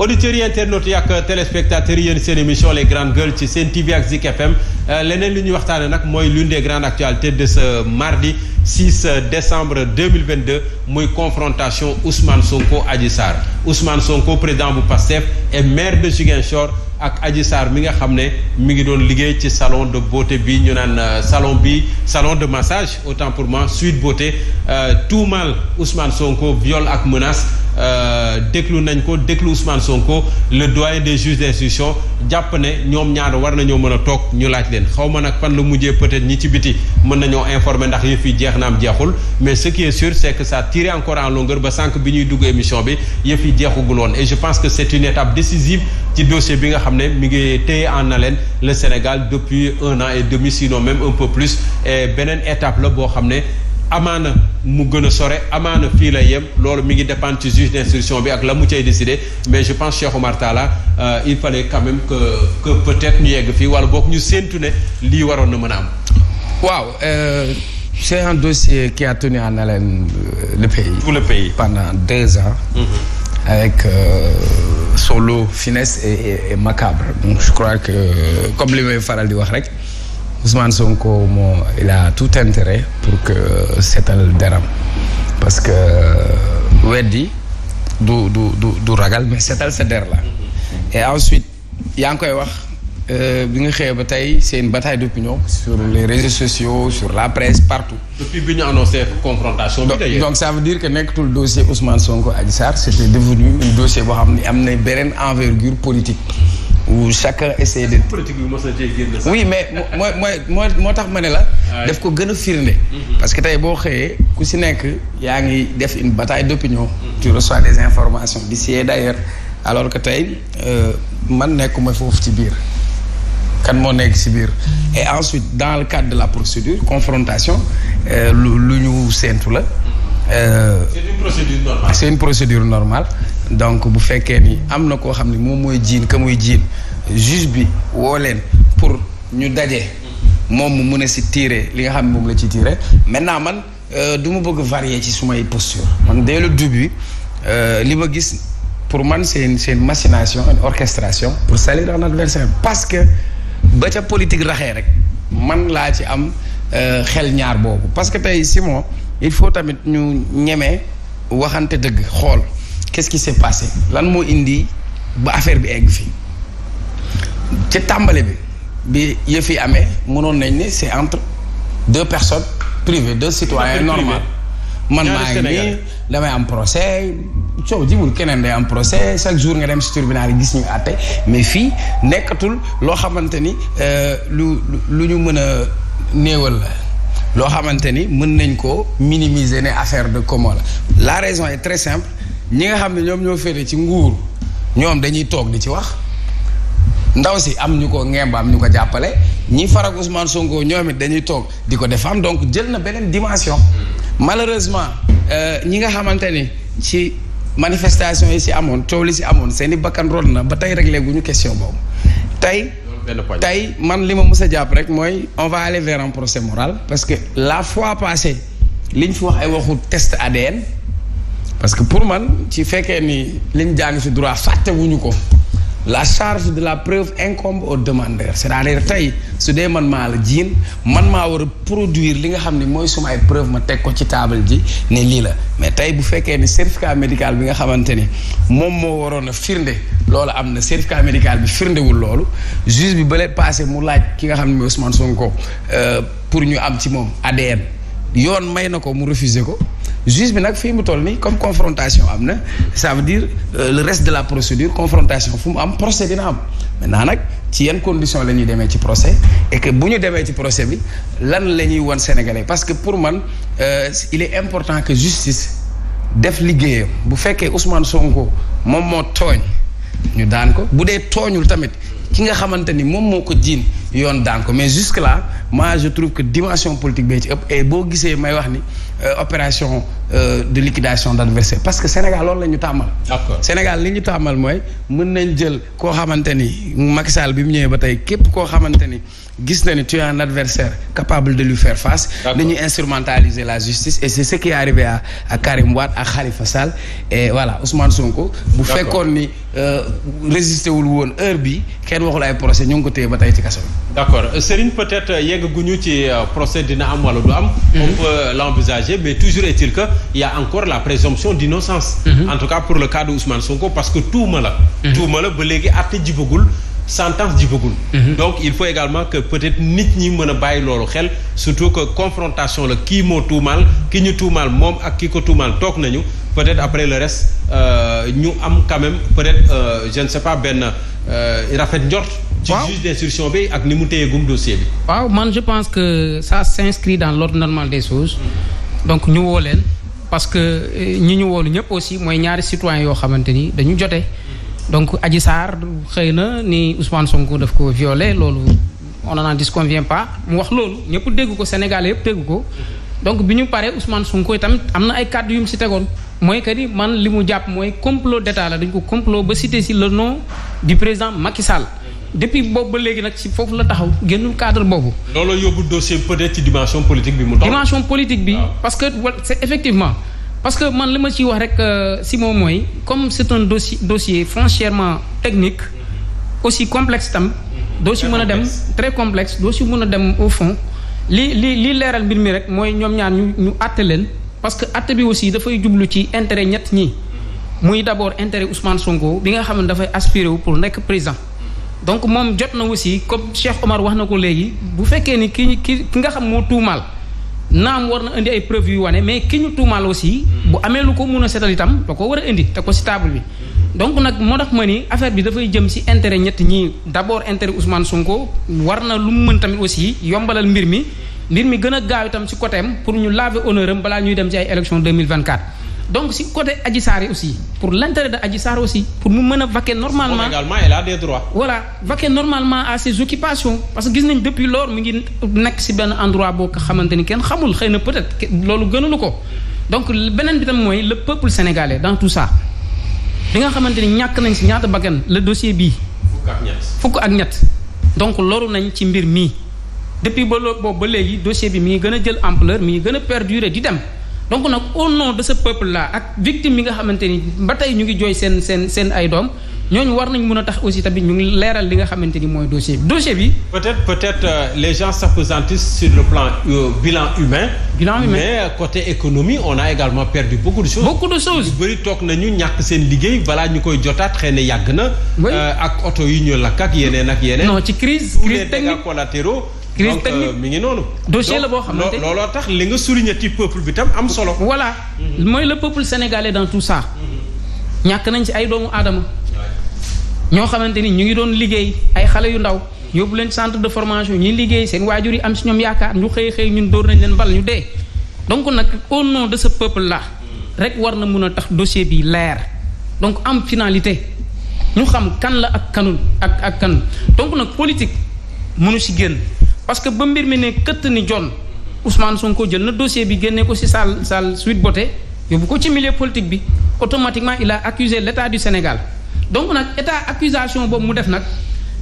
auditeurs yi internautes yi ak téléspectateurs seen émission les grandes gueules ci seen TV ak Zik FM euh, leneen li ñuy waxtaanee nag mooy l'une des grandes actualités de ce mardi 6 décembre 2022 muy confrontation Ousmane Sonko Adji Sarr Ousmane Sonko président bu PASTEF et maire de Ziguinchor ak Adji Sarr mi nga xam ne mi ngi doon liggéey ci salon de beauté bi ñu naan euh, salon bi salon de massage autant pour moi suite beauté euh, tout mal Ousmane Sonko viol ak menace. Euh, déglu nañ ko déglu Ousmane Sonko le doyen des juges d'instruction jàpp ne ñoom ñaar war nañoo mën a toog ñu laaj leen xaw ma nag fan la mujjee peut-être ñi ci biti mën nañoo informé ndax yëf yi jeex naam jeexul mais ce qui est sûr c'est que ça tire encore en longueur ba sànq bi ñuy dugg émission bi yëf yi jeexugul et je pense que c'est une étape décisive ci dossier bi nga xam ne mu ngi téye en na leen le Sénégal depuis un an et demi sinon même un peu beneen étape boo xam ne amaana mu gën a sore amaana fii la yem loolu mi ngi dépendre ci juge d'instruction bi ak la mu cay décider mais je pense Cheikh Oumar Talla euh, il fallait quand même peut-être ñu yegg fii wala boog ñu séentu ne lii waroon na mën a am. waaw euh, c'est un dossier qui a tenu en haleine euh, le pays. tout le pays pendant deux ans. Mm -hmm. avec solo finesse et macabre donc je crois que comme li may faral di wax rek. Ousmane Sonko moo il a tout intérêt pour que euh, seetal deram parce que euh, weddi du du du du ragal mais seetal sa der la et ensuite yaa ngi koy wax euh, bi nga xëyee ba tey c'est une bataille d'opinion sur les réseaux sociaux sur la presse partout. depuis bi ñu annoncé confrontation bi d'ailleurs donc ça veut dire que nekkatul dossier Ousmane Sonko Adji Sarr c'était devenu un dossier boo xam ne am na beneen envergure politique. où chacun essaie de. politique bi mos na cee génn sax. oui mais mooy mooy moo tax ma ne la. daf ko gën a firnde. Mhm. parce que tey boo xëyee ku si nekk yaa ngi def une bataille d'opinion. tu reçois des informations d'ici et d'ailleurs alors que tey euh, man nekkuma foofu si biir. kan moo nekk si biir et ensuite dans le cadre de la procédure confrontation euh, lu lu ñu séentu la. Euh, c'est une procédure normale. donc bu fekkee ni am na koo xam ne moom mooy jiin ka muy jiin juge bi woo leen pour ñu daje. moom mu mun a si tirer li nga xam ne moom la ci tirer maintenant man euh, du ma bëgg varier ci sumay posture man de le début euh, li ma gis pour man seen seen machination une orchestration pour salir un adversaire parce que ba ca politique raxee rek man laa ci am euh, xel ñaar boobu parce que tey Simon il faut tamit ñu ñeme waxante dëgg xool que ce qui s'est passé lan moo indi ba affaire bi egg fii ca tàmbale bi bi yëf yi amee mënoon nañ ne c'est entre de personnes privées deux citoyens normal man maa ngi nii damay am procès soo jibul keneen day am procès chaque jour nga dem ci tribunal gis ñu àtte mais fii nekkatul loo xamante ni euh, lu lu ñu mën a néewal la loo xamante ni mën nañ ko minimiser ne affaire de comment la la raison est très simple ñi nga xam ne ñoom ñoo féete ci nguur ñoom dañuy toog di ci wax ndaw si am ñu ko ngembaam ñu ko jàppale ñi farak Ousmane Sonko ñoom it dañuy toog di ko defam donc jël na beneen dimension malheureusement euh, ñi nga xamante ni ci manifestation yi si amoon coow li si amoon seen i bakkan rot na ba tey réglé gu ñu question boobu tey tey man li ma mës a jàpp rek mooy on va aller vers un procès moral parce que la fois passée liñ fi wax ay waxu test ADN parce que pour man ci fekkee ni liñ jàng ci droit fàttewuñu ko la charge de la preuve incombe au demander c'est-à-dire tey su dee man maa la jiin man maa war a produire li nga xam ne mooy suma ay preuve ma teg ko ci taabal ji ne lii la mais tey bu fekkee ni certificat médical bi nga xamante ni moom moo waroon a firnde loolu am na certificat médical bi firndewul loolu juge bi balee passé mu laaj ki nga xam ne mooy Ousmane ko euh, pour ñu am ci moom ADN yoon may na ko mu ko juge bi nag fii mu toll nii comme confrontation am na ça veut dire euh, le reste de la procédure confrontation fu mu am procès na am maintenant nag ci yan condition la ñuy demee ci procès et que bu ñu demee ci procès bi lan la ñuy wan sénégalais parce que pour man euh, il est important que justice def liggéeyam bu fekkee Ousmane Sonko moom moo tooñ ñu daan ko bu dee tooñul tamit ki nga xamante ni moom moo ko jiin yoon daan ko mais jusque là moi je trouve que dimension politique bee ci ëpp boo gisee may wax ni euh, opération euh, de liquidation d'adversaire parce que Sénégal loolu la ñu tàmmal Sénégal li ñu tàmmal mooy mën nañ jël koo xamante ni Macky Sall bi mu ñëwee ba tey képp koo xamante ni gis na ni tu as un adversaire capable de lui faire face dañuy instrumentaliser la justice et c'est ce qui est arrivé à Karim Wade à Khalifa Sall et voilà Ousmane Sonko bu fekkoon ni euh, résister wul woon heure bi kenn waxul ay procès ñu ngi ko téye ba tey ci kaso d'accord euh, Serigne peut-être euh, yegg guñu ci procès dina am wala du am mhm. on peut l'envisager mais toujours est-il que il a encore la présomption d'innocence mm -hmm. en tout cas pour le cas de Ousmane Sonko parce que tuuma la mhm. tuuma la ba léegi àtte jibagul sentence jibagul mhm. donc il faut également que peut-être nit ñi mën a bàyyi loolu xel surtout que confrontation la kii moo tuumaal kii ñu tuumaal moom ak ki ko tuumaal toog nañu peut-être après le reste euh, ñu am quand peut-être euh, je ne sais pas benn euh, rafet njort ci juge d'instruction bi ak ni mu téyegum dossier bi waaw man je pense que ça s'inscrit dans l'ordre normal des sos donc ñu leen parce que euh, ñi ñu woolu ñëpp aussi mooy ñaari citoyens yoo xamante ni dañu jote donc Adji Sarr xëy na ni Ousmane Sonko def ko violé loolu on n'en disconvient pas mu wax loolu ñëpp dégg ko Sénégalais yëpp dégg ko donc bi ñu paree Ousmane Sonko tamit am na ay kàddu yu si tegoon mooy que ni man li mu jàpp mooy complot d'état la dañ ko complot ba cité si le nom du président Macky Sall. depuis boobu ba léegi nag si foofu la taxaw génnul cadre boobu. looloo yóbbu dossier peut-être ci dimension politique bi mu. dimension politique bi parce parce que man li ma ciy wax rek euh, si moom mooy comme c'est un dossier dossier foncièrement technique aussi complexe tam doo si mën a dem très complexe doo si mën a dem au fond li li li leeral mbir mi rek mooy ñoom ñaan ñu ñu àtte leen parce que àtte bi aussi dafay jublu ci intérêt ñett ñi muy d'abord intérêt Ousmane Sonko bi nga xam ne dafay aspiré wu pour nekk président donc moom jot na aussi comme Cheikh Omar wax na ko léegi bu fekkee ni ki ki ki nga xam moo tuumaal naam war na indi ay preuve yu wane mais ki ñu tuumaal aussi. bu amee lu ko mun a seetal itam da ko war a indi te ko si table bi. donc nag moo tax ma ni affaire bi dafay jëm si intérêt ñett ñi d' abord intérêt Ousmane Sonko war na lu mu mën tamit aussi yombalal mbir mi mbir mi gën a gaaw itam si côté pour ñu laver honneur am balaa ñuy dem ci ay élections donc si côté Adji Sarr aussi pour l'intérêt de Adji aussi pour mu mën a vaquer normalement également elle a des droits. normalement à ses occupations parce que gis nañ depuis lors mu ngi nekk si benn endroit boo ko xamante ni kenn xamul xëy na peut-être loolu gënalu ko donc beneen bi tam mooy le peuple sénégalais dans tout ça li nga xamante ni ñàkk nañ si ñaata baggan le dossier bii. fukk ak ñett donc loru nañ ci mbir mii depuis ba boobu ba léegi dossier bi mi ngi gën a jël ampleur mi ngi gën di dem. donc nag au nom de ce peuple là ak victime yi nga xamante ni ba tey ñu ngi jooy seen seen ay doom ñooñu war nañu mën a tax aussi tamit ñu ngi leeral li nga xamante ni mooy dossier bi dossier bi. peut-être peut-être euh, les gens s'appesantissent sur le plan euh, bilan humain. bilan humain mais euh, côté économie on a également perdu beaucoup de choses. beaucoup de choses bëri toog nañu ñàkk seen liggéey bala ñu koy jotaat xëy na yàgg na. Euh, ak oto yu ñu lakk ak yeneen ak yeneen. ci crise crise technique tous les dégâts crise technique euh, mi dossier la boo xamante ne looloo tax li nga souligner ci peuple bi tam am solo. voilà mhm. mooy le peuple sénégalais dans tout ça. Mhm. ñàkk nañ si ay doomu aadama. ñoo xamante ni ñu ngi doon liggéey ay xale yu ndaw. yóbbu leen centre de formation ñuy liggéey seen waajur yi am si ñoom yaakaar ñu xëy xëy ñu dóor nañ leen bal ñu dee. donc nag au nom de ce peuple là. Mhm. rek war na mun a tax dossier bi leer. donc am finalité. ñu xam kan la ak kanul ak ak kan donc nag politique mënu si génn. parce que ba mbir mi ne këtt ni jon Ousmane Sonko jël na dossier bi génne ko ci salle salle Sweet Beauté yóbbu ko ci milieu politique bi automatiquement il a accusé l'état du Sénégal donc nag état accusation boobu mu def nag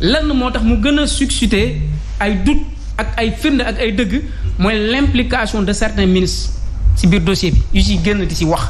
lenn moo tax mu gën a susciter ay doute ak ay firnde ak ay dëgg mooy l'implication de certains ministres ci biir dossier bi yu ci génn di ci wax